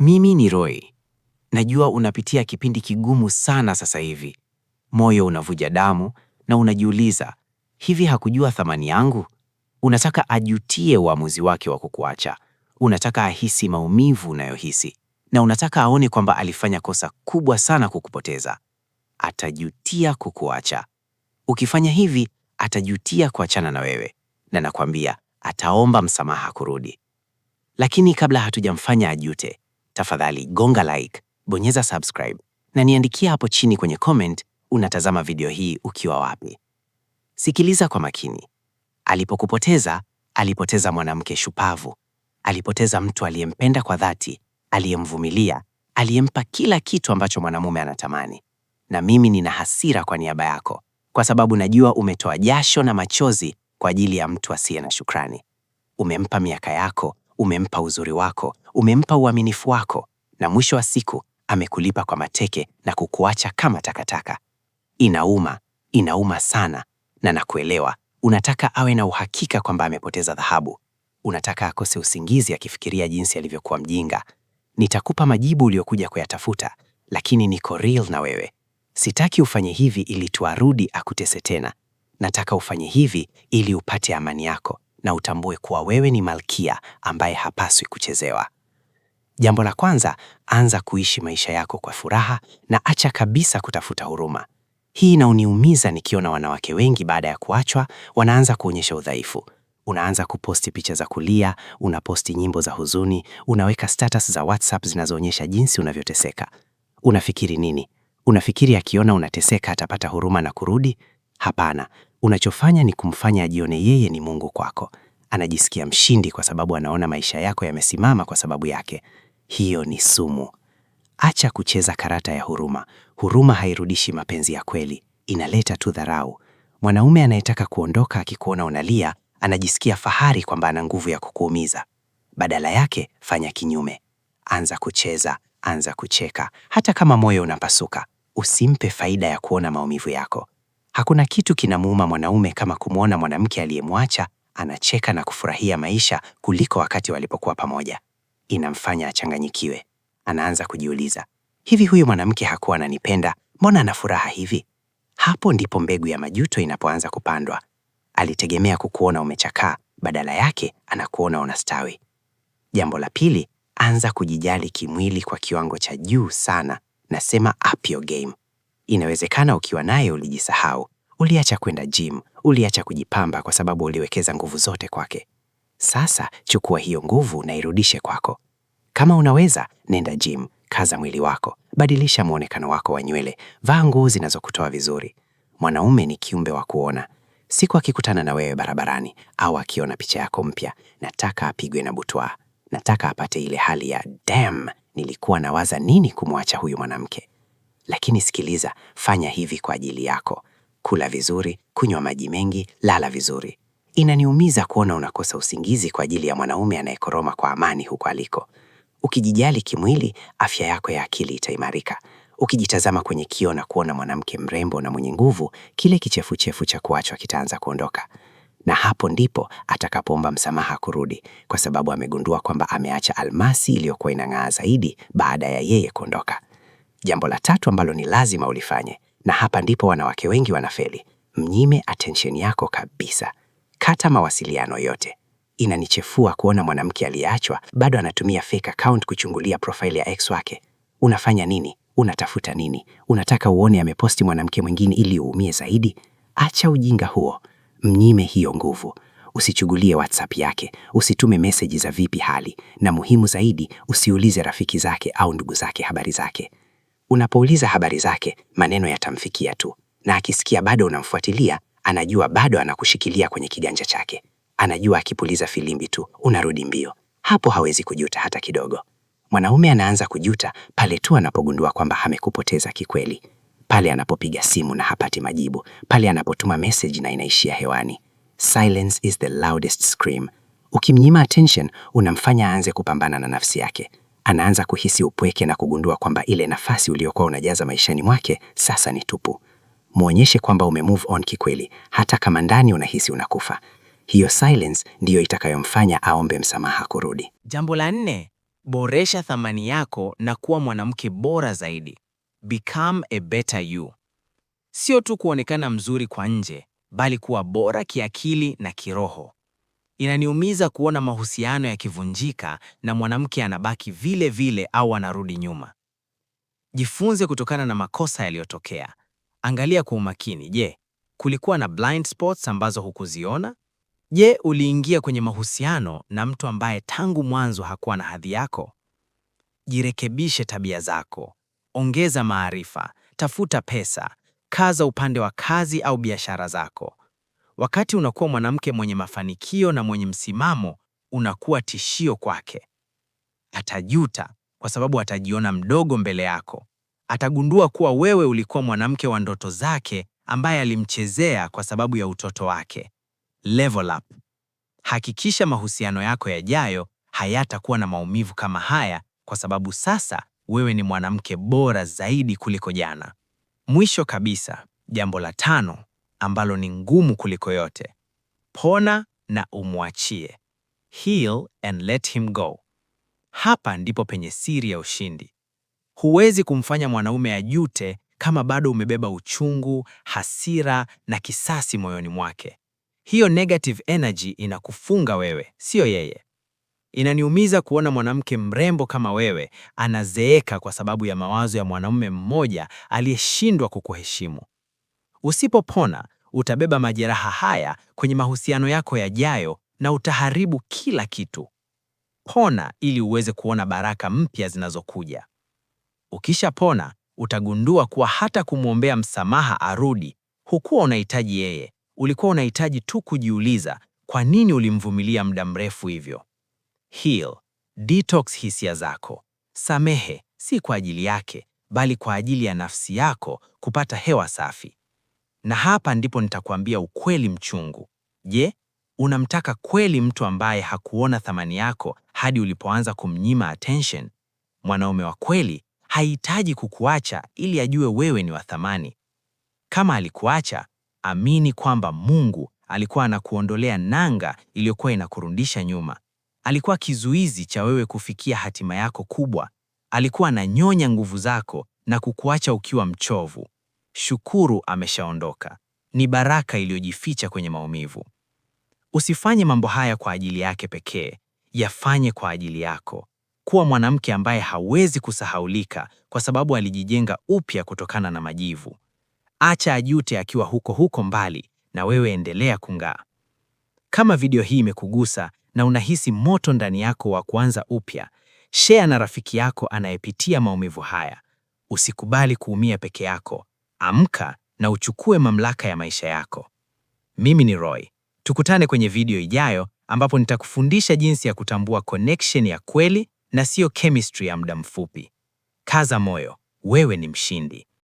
Mimi ni Roy. Najua unapitia kipindi kigumu sana sasa hivi, moyo unavuja damu na unajiuliza, hivi hakujua thamani yangu? Unataka ajutie uamuzi wake wa kukuacha, unataka ahisi maumivu unayohisi, na unataka aone kwamba alifanya kosa kubwa sana kukupoteza. Atajutia kukuacha. Ukifanya hivi, atajutia kuachana na wewe, na nakwambia ataomba msamaha kurudi. Lakini kabla hatujamfanya ajute tafadhali gonga like, bonyeza subscribe na niandikia hapo chini kwenye comment unatazama video hii ukiwa wapi. Sikiliza kwa makini. Alipokupoteza, alipoteza mwanamke shupavu, alipoteza mtu aliyempenda kwa dhati, aliyemvumilia, aliyempa kila kitu ambacho mwanamume anatamani. Na mimi nina hasira kwa niaba yako, kwa sababu najua umetoa jasho na machozi kwa ajili ya mtu asiye na shukrani. Umempa miaka yako, umempa uzuri wako, umempa uaminifu wako, na mwisho wa siku amekulipa kwa mateke na kukuacha kama takataka. Inauma, inauma sana, na nakuelewa. Unataka awe na uhakika kwamba amepoteza dhahabu. Unataka akose usingizi akifikiria jinsi alivyokuwa mjinga. Nitakupa majibu uliyokuja kuyatafuta, lakini niko real na wewe. Sitaki ufanye hivi ili tuarudi akutese tena. Nataka ufanye hivi ili upate amani yako na utambue kuwa wewe ni malkia ambaye hapaswi kuchezewa. Jambo la kwanza, anza kuishi maisha yako kwa furaha na acha kabisa kutafuta huruma. Hii inauniumiza nikiona wanawake wengi baada ya kuachwa wanaanza kuonyesha udhaifu. Unaanza kuposti picha za kulia, unaposti nyimbo za huzuni, unaweka status za WhatsApp zinazoonyesha jinsi unavyoteseka. Unafikiri nini? Unafikiri akiona unateseka atapata huruma na kurudi? Hapana, unachofanya ni kumfanya ajione yeye ni Mungu kwako. Anajisikia mshindi kwa sababu anaona maisha yako yamesimama kwa sababu yake. Hiyo ni sumu. Acha kucheza karata ya huruma. Huruma hairudishi mapenzi ya kweli, inaleta tu dharau. Mwanaume anayetaka kuondoka akikuona unalia, anajisikia fahari kwamba ana nguvu ya kukuumiza. Badala yake, fanya kinyume. Anza kucheza, anza kucheka, hata kama moyo unapasuka. Usimpe faida ya kuona maumivu yako. Hakuna kitu kinamuuma mwanaume kama kumwona mwanamke aliyemwacha anacheka na kufurahia maisha kuliko wakati walipokuwa pamoja. Inamfanya achanganyikiwe. Anaanza kujiuliza, hivi huyu mwanamke hakuwa ananipenda? Mbona ana furaha hivi? Hapo ndipo mbegu ya majuto inapoanza kupandwa. Alitegemea kukuona umechakaa, badala yake anakuona unastawi. Jambo la pili, anza kujijali kimwili kwa kiwango cha juu sana. Nasema up your game. Inawezekana ukiwa naye ulijisahau, uliacha kwenda gym, uliacha kujipamba kwa sababu uliwekeza nguvu zote kwake. Sasa chukua hiyo nguvu na irudishe kwako. Kama unaweza, nenda gym, kaza mwili wako, badilisha mwonekano wako wa nywele, vaa nguo zinazokutoa vizuri. Mwanaume ni kiumbe wa kuona. Siku akikutana na wewe barabarani au akiona picha yako mpya, nataka apigwe na butwa Nataka apate ile hali ya damn, nilikuwa nawaza nini kumwacha huyu mwanamke. Lakini sikiliza, fanya hivi kwa ajili yako: kula vizuri, kunywa maji mengi, lala vizuri. Inaniumiza kuona unakosa usingizi kwa ajili ya mwanaume anayekoroma kwa amani huko aliko. Ukijijali kimwili, afya yako ya akili itaimarika. Ukijitazama kwenye kio na kuona mwanamke mrembo na mwenye nguvu, kile kichefuchefu cha kuachwa kitaanza kuondoka, na hapo ndipo atakapoomba msamaha kurudi, kwa sababu amegundua kwamba ameacha almasi iliyokuwa inang'aa zaidi baada ya yeye kuondoka. Jambo la tatu ambalo ni lazima ulifanye, na hapa ndipo wanawake wengi wanafeli: mnyime attention yako kabisa, kata mawasiliano yote. Inanichefua kuona mwanamke aliyeachwa bado anatumia fake account kuchungulia profile ya ex wake. Unafanya nini? Unatafuta nini? Unataka uone ameposti mwanamke mwingine ili uumie zaidi? Acha ujinga huo, mnyime hiyo nguvu. Usichugulie WhatsApp yake, usitume meseji za vipi hali, na muhimu zaidi, usiulize rafiki zake au ndugu zake habari zake. Unapouliza habari zake, maneno yatamfikia tu, na akisikia bado unamfuatilia, anajua bado anakushikilia kwenye kiganja chake. Anajua akipuliza filimbi tu unarudi mbio. Hapo hawezi kujuta hata kidogo. Mwanaume anaanza kujuta pale tu anapogundua kwamba amekupoteza kikweli, pale anapopiga simu na hapati majibu, pale anapotuma meseji na inaishia hewani. Silence is the loudest scream. Ukimnyima attention, unamfanya aanze kupambana na nafsi yake anaanza kuhisi upweke na kugundua kwamba ile nafasi uliyokuwa unajaza maishani mwake sasa ni tupu. Mwonyeshe kwamba ume move on kikweli, hata kama ndani unahisi unakufa. Hiyo silence ndiyo itakayomfanya aombe msamaha kurudi. Jambo la nne, boresha thamani yako na kuwa mwanamke bora zaidi. Become a better you. Sio tu kuonekana mzuri kwa nje, bali kuwa bora kiakili na kiroho. Inaniumiza kuona mahusiano yakivunjika na mwanamke anabaki vile vile au anarudi nyuma. Jifunze kutokana na makosa yaliyotokea. Angalia kwa umakini. Je, kulikuwa na blind spots ambazo hukuziona? Je, uliingia kwenye mahusiano na mtu ambaye tangu mwanzo hakuwa na hadhi yako? Jirekebishe tabia zako. Ongeza maarifa, tafuta pesa, kaza upande wa kazi au biashara zako. Wakati unakuwa mwanamke mwenye mafanikio na mwenye msimamo, unakuwa tishio kwake. Atajuta kwa sababu atajiona mdogo mbele yako. Atagundua kuwa wewe ulikuwa mwanamke wa ndoto zake ambaye alimchezea kwa sababu ya utoto wake. Level up. Hakikisha mahusiano yako yajayo hayatakuwa na maumivu kama haya kwa sababu sasa wewe ni mwanamke bora zaidi kuliko jana. Mwisho kabisa, jambo la tano ambalo ni ngumu kuliko yote: pona na umwachie, heal and let him go. Hapa ndipo penye siri ya ushindi. Huwezi kumfanya mwanaume ajute kama bado umebeba uchungu, hasira na kisasi moyoni mwake. Hiyo negative energy inakufunga wewe, siyo yeye. Inaniumiza kuona mwanamke mrembo kama wewe anazeeka kwa sababu ya mawazo ya mwanaume mmoja aliyeshindwa kukuheshimu. Usipopona utabeba majeraha haya kwenye mahusiano yako yajayo na utaharibu kila kitu. Pona ili uweze kuona baraka mpya zinazokuja. Ukishapona utagundua kuwa hata kumwombea msamaha arudi hukuwa unahitaji yeye, ulikuwa unahitaji tu kujiuliza kwa nini ulimvumilia muda mrefu hivyo. Heal, detox hisia zako, samehe, si kwa ajili yake, bali kwa ajili ya nafsi yako kupata hewa safi. Na hapa ndipo nitakuambia ukweli mchungu. Je, unamtaka kweli mtu ambaye hakuona thamani yako hadi ulipoanza kumnyima attention? Mwanaume wa kweli hahitaji kukuacha ili ajue wewe ni wa thamani. Kama alikuacha, amini kwamba Mungu alikuwa anakuondolea nanga iliyokuwa inakurudisha nyuma. Alikuwa kizuizi cha wewe kufikia hatima yako kubwa. Alikuwa ananyonya nguvu zako na kukuacha ukiwa mchovu. Shukuru ameshaondoka. Ni baraka iliyojificha kwenye maumivu. Usifanye mambo haya kwa ajili yake pekee, yafanye kwa ajili yako. Kuwa mwanamke ambaye hawezi kusahaulika kwa sababu alijijenga upya kutokana na majivu. Acha ajute akiwa huko huko mbali, na wewe endelea kung'aa. Kama video hii imekugusa na unahisi moto ndani yako wa kuanza upya, share na rafiki yako anayepitia maumivu haya. Usikubali kuumia peke yako. Amka na uchukue mamlaka ya maisha yako. Mimi ni Roy. Tukutane kwenye video ijayo ambapo nitakufundisha jinsi ya kutambua connection ya kweli na siyo chemistry ya muda mfupi. Kaza moyo, wewe ni mshindi.